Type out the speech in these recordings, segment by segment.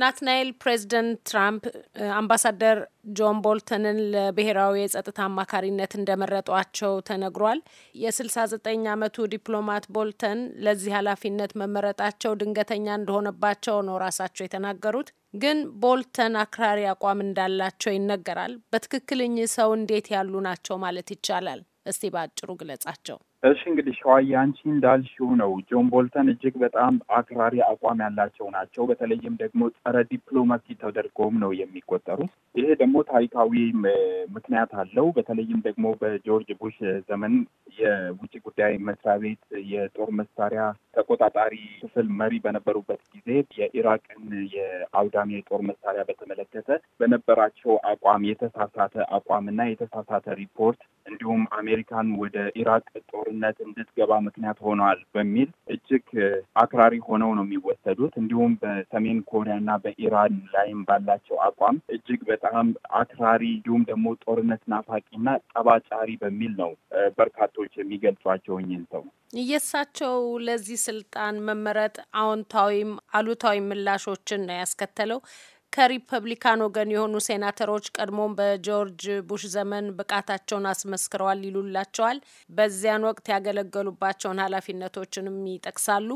ናትናኤል ፕሬዚደንት ትራምፕ አምባሳደር ጆን ቦልተንን ለብሔራዊ የጸጥታ አማካሪነት እንደመረጧቸው ተነግሯል። የ69 ዓመቱ ዲፕሎማት ቦልተን ለዚህ ኃላፊነት መመረጣቸው ድንገተኛ እንደሆነባቸው ነው ራሳቸው የተናገሩት። ግን ቦልተን አክራሪ አቋም እንዳላቸው ይነገራል። በትክክል እኚህ ሰው እንዴት ያሉ ናቸው ማለት ይቻላል? እስቲ በአጭሩ ግለጻቸው። እሺ እንግዲህ ሸዋዬ አንቺ እንዳልሽው ነው። ጆን ቦልተን እጅግ በጣም አክራሪ አቋም ያላቸው ናቸው። በተለይም ደግሞ ጸረ ዲፕሎማሲ ተደርጎም ነው የሚቆጠሩት። ይሄ ደግሞ ታሪካዊ ምክንያት አለው። በተለይም ደግሞ በጆርጅ ቡሽ ዘመን የውጭ ጉዳይ መስሪያ ቤት የጦር መሳሪያ ተቆጣጣሪ ክፍል መሪ በነበሩበት ጊዜ የኢራቅን የአውዳሚ የጦር መሳሪያ በተመለከተ በነበራቸው አቋም የተሳሳተ አቋምና የተሳሳተ ሪፖርት እንዲሁም አሜሪካን ወደ ኢራቅ ጦር ውስጥነት እንድትገባ ምክንያት ሆነዋል በሚል እጅግ አክራሪ ሆነው ነው የሚወሰዱት። እንዲሁም በሰሜን ኮሪያ እና በኢራን ላይም ባላቸው አቋም እጅግ በጣም አክራሪ እንዲሁም ደግሞ ጦርነት ናፋቂና ጠባጫሪ በሚል ነው በርካቶች የሚገልጿቸው እኝን ሰው። የእሳቸው ለዚህ ስልጣን መመረጥ አዎንታዊም አሉታዊ ምላሾችን ነው ያስከተለው። ከሪፐብሊካን ወገን የሆኑ ሴናተሮች ቀድሞም በጆርጅ ቡሽ ዘመን ብቃታቸውን አስመስክረዋል ይሉላቸዋል። በዚያን ወቅት ያገለገሉባቸውን ኃላፊነቶችንም ይጠቅሳሉ።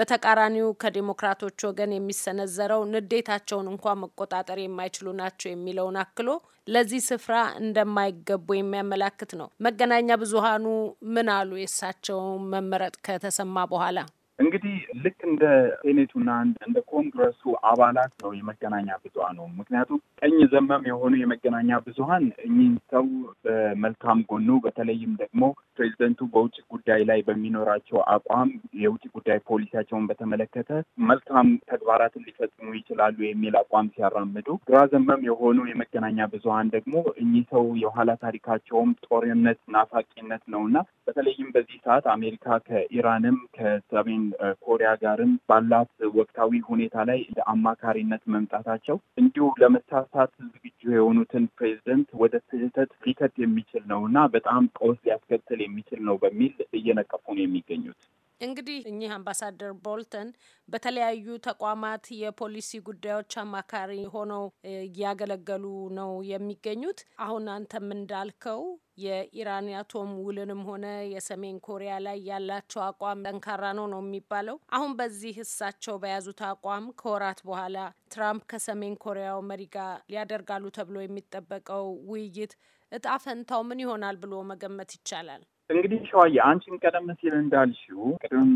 በተቃራኒው ከዴሞክራቶች ወገን የሚሰነዘረው ንዴታቸውን እንኳን መቆጣጠር የማይችሉ ናቸው የሚለውን አክሎ ለዚህ ስፍራ እንደማይገቡ የሚያመላክት ነው። መገናኛ ብዙሃኑ ምን አሉ? የእሳቸው መመረጥ ከተሰማ በኋላ እንግዲህ ልክ እንደ ሴኔቱና እንደ ኮንግረሱ አባላት ነው የመገናኛ ብዙሀኑ። ምክንያቱም ቀኝ ዘመም የሆኑ የመገናኛ ብዙሀን እኚህን ሰው በመልካም ጎኑ በተለይም ደግሞ ፕሬዚደንቱ በውጭ ጉዳይ ላይ በሚኖራቸው አቋም የውጭ ጉዳይ ፖሊሲያቸውን በተመለከተ መልካም ተግባራትን ሊፈጽሙ ይችላሉ የሚል አቋም ሲያራምዱ፣ ግራ ዘመም የሆኑ የመገናኛ ብዙሀን ደግሞ እኚህ ሰው የኋላ ታሪካቸውም ጦርነት ናፋቂነት ነው እና በተለይም በዚህ ሰዓት አሜሪካ ከኢራንም ከሰሜን ኮሪያ ጋርም ባላት ወቅታዊ ሁኔታ ላይ ለአማካሪነት መምጣታቸው እንዲሁ ለመሳሳት ዝግጁ የሆኑትን ፕሬዚደንት ወደ ስህተት ሊከት የሚችል ነው እና በጣም ቀውስ ሊያስከትል የሚችል ነው በሚል እየነቀፉ ነው የሚገኙት። እንግዲህ እኚህ አምባሳደር ቦልተን በተለያዩ ተቋማት የፖሊሲ ጉዳዮች አማካሪ ሆነው እያገለገሉ ነው የሚገኙት። አሁን አንተም እንዳልከው የኢራን የአቶም ውልንም ሆነ የሰሜን ኮሪያ ላይ ያላቸው አቋም ጠንካራ ነው ነው የሚባለው። አሁን በዚህ እሳቸው በያዙት አቋም ከወራት በኋላ ትራምፕ ከሰሜን ኮሪያው መሪ ጋር ሊያደርጋሉ ተብሎ የሚጠበቀው ውይይት እጣ ፈንታው ምን ይሆናል ብሎ መገመት ይቻላል? እንግዲህ ሸዋዬ አንቺም ቀደም ሲል እንዳልሽው ቅድም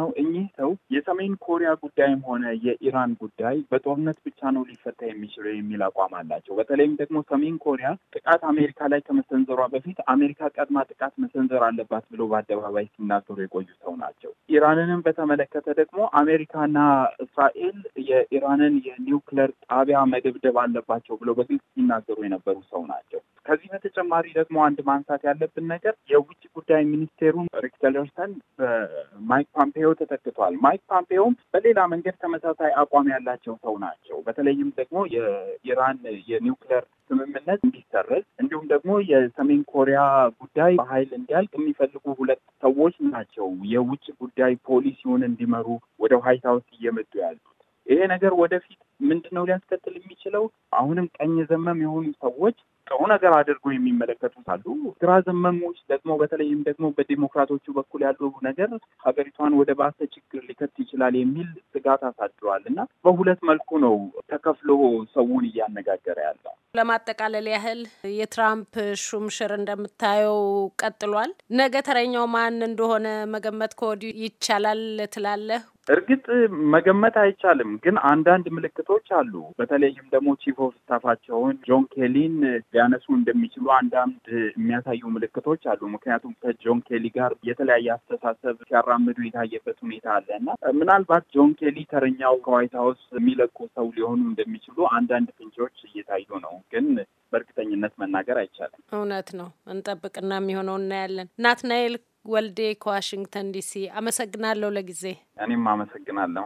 ነው እኚህ ሰው የሰሜን ኮሪያ ጉዳይም ሆነ የኢራን ጉዳይ በጦርነት ብቻ ነው ሊፈታ የሚችለው የሚል አቋም አላቸው። በተለይም ደግሞ ሰሜን ኮሪያ ጥቃት አሜሪካ ላይ ከመሰንዘሯ በፊት አሜሪካ ቀድማ ጥቃት መሰንዘር አለባት ብሎ በአደባባይ ሲናገሩ የቆዩ ሰው ናቸው። ኢራንንም በተመለከተ ደግሞ አሜሪካና እስራኤል የኢራንን የኒውክለር ጣቢያ መደብደብ አለባቸው ብሎ በግልጽ ሲናገሩ የነበሩ ሰው ናቸው። ከዚህ በተጨማሪ ደግሞ አንድ ማንሳት ያለብን ነገር የውጭ ጉዳይ ሚኒስቴሩ ሬክስ ቲለርሰን በማይክ ፓምፔዮ ተተክቷል። ማይክ ፓምፔዮም በሌላ መንገድ ተመሳሳይ አቋም ያላቸው ሰው ናቸው። በተለይም ደግሞ የኢራን የኒውክለር ስምምነት እንዲሰረዝ እንዲሁም ደግሞ የሰሜን ኮሪያ ጉዳይ በኃይል እንዲያልቅ የሚፈልጉ ሁለት ሰዎች ናቸው የውጭ ጉዳይ ፖሊሲውን እንዲመሩ ወደ ዋይት ሀውስ እየመጡ ያሉት። ይሄ ነገር ወደፊት ምንድን ነው ሊያስከትል የሚችለው? አሁንም ቀኝ ዘመም የሆኑ ሰዎች ጥሩ ነገር አድርጎ የሚመለከቱት አሉ። ግራ ዘመሞች ደግሞ በተለይም ደግሞ በዲሞክራቶቹ በኩል ያለው ነገር ሀገሪቷን ወደ ባሰ ችግር ሊከት ይችላል የሚል ስጋት አሳድሯል እና በሁለት መልኩ ነው ተከፍሎ ሰውን እያነጋገረ ያለው። ለማጠቃለል ያህል የትራምፕ ሹምሽር እንደምታየው ቀጥሏል። ነገ ተረኛው ማን እንደሆነ መገመት ከወዲሁ ይቻላል ትላለህ? እርግጥ መገመት አይቻልም፣ ግን አንዳንድ ምልክቶች አሉ። በተለይም ደግሞ ቺፍ ኦፍ ስታፋቸውን ጆን ኬሊን ሊያነሱ እንደሚችሉ አንዳንድ የሚያሳዩ ምልክቶች አሉ። ምክንያቱም ከጆን ኬሊ ጋር የተለያየ አስተሳሰብ ሲያራምዱ የታየበት ሁኔታ አለ እና ምናልባት ጆን ኬሊ ተረኛው ከዋይት ሀውስ የሚለቁ ሰው ሊሆኑ እንደሚችሉ አንዳንድ ፍንጮች እየታዩ ነው ግን በእርግጠኝነት መናገር አይቻልም። እውነት ነው። እንጠብቅና የሚሆነው እናያለን። ናትናኤል ወልዴ ከዋሽንግተን ዲሲ አመሰግናለሁ። ለጊዜ እኔም አመሰግናለሁ።